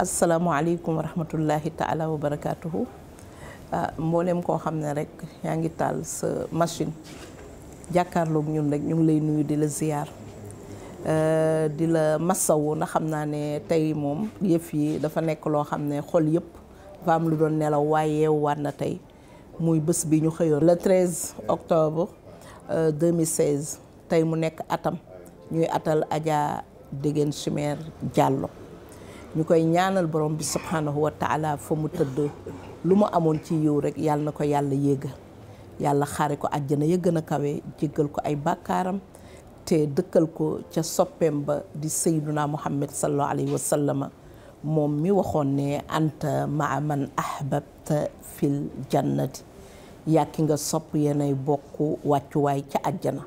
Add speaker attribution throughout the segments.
Speaker 1: السلام عليكم ورحمة الله تعالى وبركاته مولم كو خامن رك ياغي تال س ماشين جاكارلو نيون رك نيون لاي نويو دي لا زيار ا دي لا مساو نا خامنا ني تاي موم يفي دا فا نيك لو خامن خول ييب فام لو دون نلا واييو وانا تاي موي بس بي نيو خيو لا 13 اكتوبر 2016 تاي مو نيك اتام نيو اتال اجا ديغن سمير جالو ñu koy ñaanal borom bi subhanahu wa fa mu tëdd lu mu amoon ci yiw rekk yàlla na ko yàlla yéega yàlla xaare ko àjjana ya gën a kawe jéggal ko ay bàkkaaram te dëkkal ko ca soppeem ba di sayduna muhammad sallallahu alayhi wa moom mi waxoon ne anta maa man ahbabta fil jannati yàkki nga sopp yenay bokk wàccuwaay ca àjjana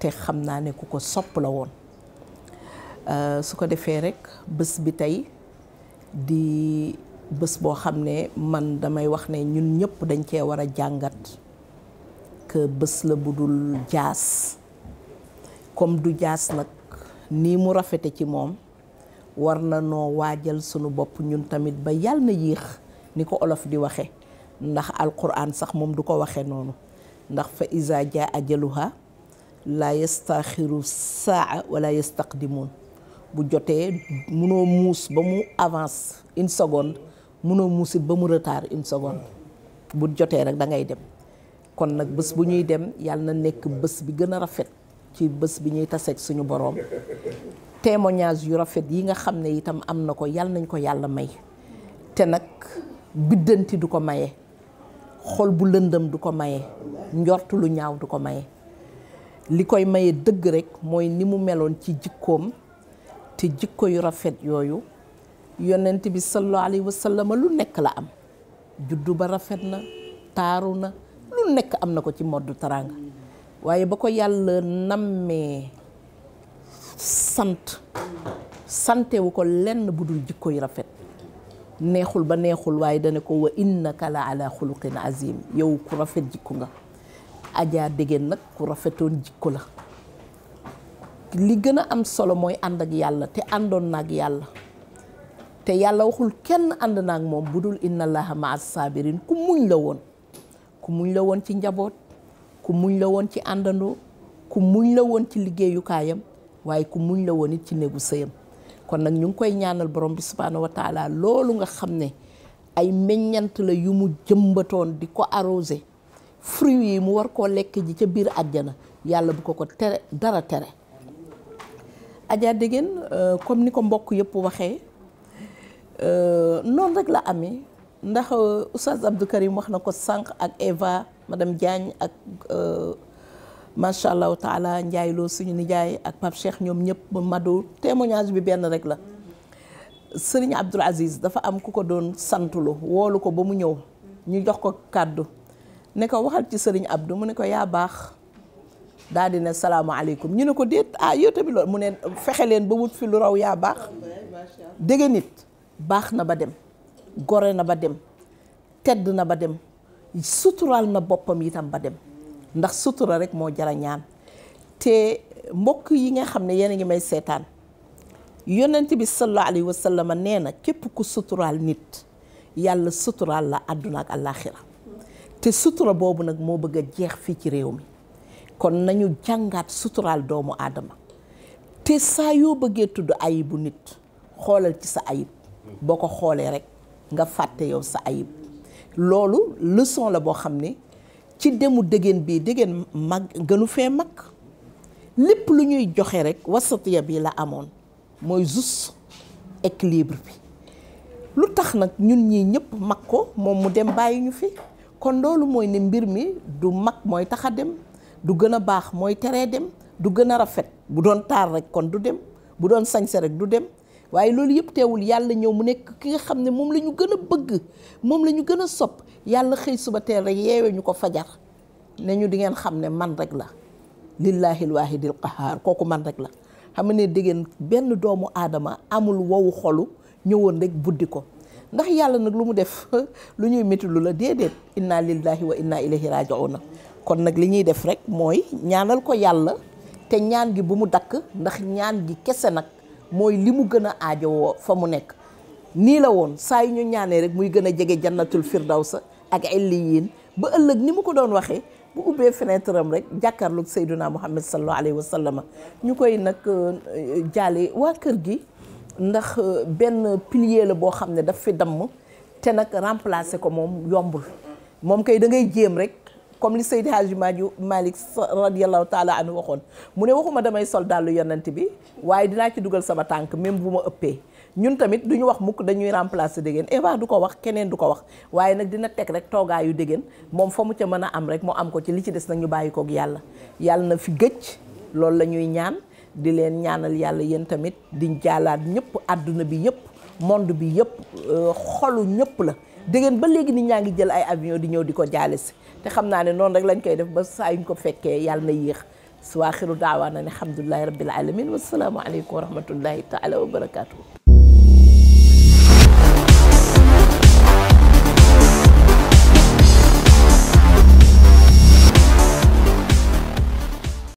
Speaker 1: te xam naa ne ku ko sopp la woon Euh, su ko defee rekk bés bi tey di bés boo xam ne man damay wax ne ñun ñëpp dañ cee war a jàngat que bés la bu dul jaas comme du jaas nag nii mu rafete ci moom war na noo waajal sunu bopp ñun tamit ba yàlla na yéex ni ko olof di waxe ndax alquran sax moom du ko waxe noonu ndax fa iza jaa ajaluha la yastaxiru saa wala yastaqdimuun bu jotee munoo muus ba mu avance une seconde munoo muusit ba mu retar une seconde bu jotee rek da ngay dem kon nag bés bu ñuy dem yàlla na nekk bés bi gën a rafet ci bës bi ñuy taseeg suñu boroom témoignage yu rafet yi nga xam ne itam am na ko yàlla nañ ko yàlla may te nag biddanti du ko maye xol bu lëndëm du ko maye njort lu ñaaw du ko maye li koy maye dëgg rek mooy ni mu meloon ci jikkoom ci jikko yu rafet yooyu yonent bi sallallahu alayhi lu nekk la am juddu ba rafet na taaru na lu nekk am na ko ci moddu teraanga waaye ba ko yàlla nammee sant santewu ko lenn bu dul jikko yu rafet neexul ba neexul waaye dana ko wa innaka la ala xuluqin azim yow ku rafet jikko nga ajaa dégéen nag ku rafetoon jikko la li gën a am solo mooy ànd ak yàlla te àndoon naag yàlla te yàlla waxul kenn ànd naag moom bu dul inna allaha maa sabirin ku muñ la woon ku muñ la woon ci njaboot ku muñ la woon ci àndandoo ku muñ la woon ci liggéeyukaayam waaye ku muñ la woon it ci néegu sëyam kon nag ñu ngi koy ñaanal borom bi subhaanahu wa loolu nga xam ne ay meññant la yu mu jëmbatoon di ko arrosé fruit yi mu war koo lekk ji ca biir àjjana yàlla bu ko ko tere dara tere Adja Degen euh, comme ni ko mbokk yëpp waxee euh, noonu rek la amee ndax euh, Oustaz Abdou Karim wax na ko sànq ak Eva dem Diagne ak macha allah taala Ndiaye suñu nijaay ak Pape ñoom ñëpp Mado témoignage bi benn rek la Serigne Abdoul Aziz dafa am ku ko doon santulu woolu ko ba mu ñëw ñu jox ko kàddu ne ko waxal ci Serigne Abdou mu ne ko yaa baax. daal dina ne salaamaaleykum ñu ne ko déet ah yow tamit loolu mu ne fexe leen ba wut fi lu raw yaa baax dégg nit baax na ba dem gore na ba dem tedd na ba dem sutural na boppam itam ba dem ndax sutura rek moo jara ñaan te mbokk yi nga xam ne yéen a ngi may seetaan yonent bi sallallahu alayhi wa sallam nee na képp ku sutural nit yàlla sutural la àdduna ak àllaaxira te sutura boobu nag moo bëgg a jeex fii ci réew mi kon nañu jàngaat suturaal doomu aadama te saa yoo bëggee tudd ayibu nit xoolal ci sa ayib boo ko xoolee rek nga fàtte yow sa ayib loolu leçon la boo xam ne ci demu dégéen bii dégéen mag gënu fee mag lépp lu ñuy joxe rek wasatiya bi la amoon mooy juste équilibre bi lu tax nag ñun ñii ñëpp mag ko moom mu dem bàyyi ñu fi kon loolu mooy ne mbir mi du mag mooy tax a dem du gën a baax mooy teree dem du gën a rafet bu doon taar rek kon du dem bu doon sañse rek du dem waaye loolu yëpp teewul yàlla ñëw mu nekk ki nga xam ne moom la ñu gën a bëgg moom la ñu gën a sopp yàlla xëy suba teel rek yeewee ñu ko fajar ne ñu di ngeen xam ne man rek la lillahi lwaahidil qahaar kooku man rek la xam ne diggéen benn doomu aadama amul wowu xolu ñëwoon rek buddi ko ndax yàlla nag lu mu def lu ñuy métti lu la déedéet inna lillahi wa inna ilayhi raji'un kon nag li ñuy def rek mooy ñaanal ko yàlla te ñaan gi bu mu dakk ndax ñaan gi kese nag mooy li mu gën a aajowoo fa mu nekk nii la woon saa yu ñu ñaanee rek muy gën a jege jannatul sa ak illiyin ba ëllëg ni mu ko doon waxee bu ubbee fenêtre am rek jàkkaarloog sayduna muhammad sallallahu alayhi wa sallam ñu koy nag euh, jaale waa kër gi ndax euh, benn pilier la boo xam ne daf fi damm te nag remplacer ko moom yombul moom kay da ngay jéem rek comme li Seydi Hadji Malick radiyallahu taala anhu waxoon mu ne waxuma damay sol dàllu yonent bi waaye dinaa ci dugal sama tànk même bu ma ëppee ñun tamit du ñu wax mukk dañuy remplacer déggéen Eva du ko wax keneen du ko wax waaye nag dina teg rek toogaayu déggéen moom fa mu ca mën a am rek mu am ko ci li ci des nag ñu bàyyi kook yàlla yàlla na fi gëj loolu la ñuy ñaan di leen ñaanal yàlla yéen tamit di jaalaat ñëpp àdduna bi yëpp monde bi yëpp euh, xolu ñëpp la dégg ba léegi nit ñaa ngi jël ay avion di ñëw di ko jaale si te xam naa ne noonu rek lañ koy def ba saa yuñ ko fekkee yàlla na yéex su waaxiru daawaana ne alhamdulilahi rabbil alamin wasalaamu aleykum wa rahmatullahi taala wa barakatuh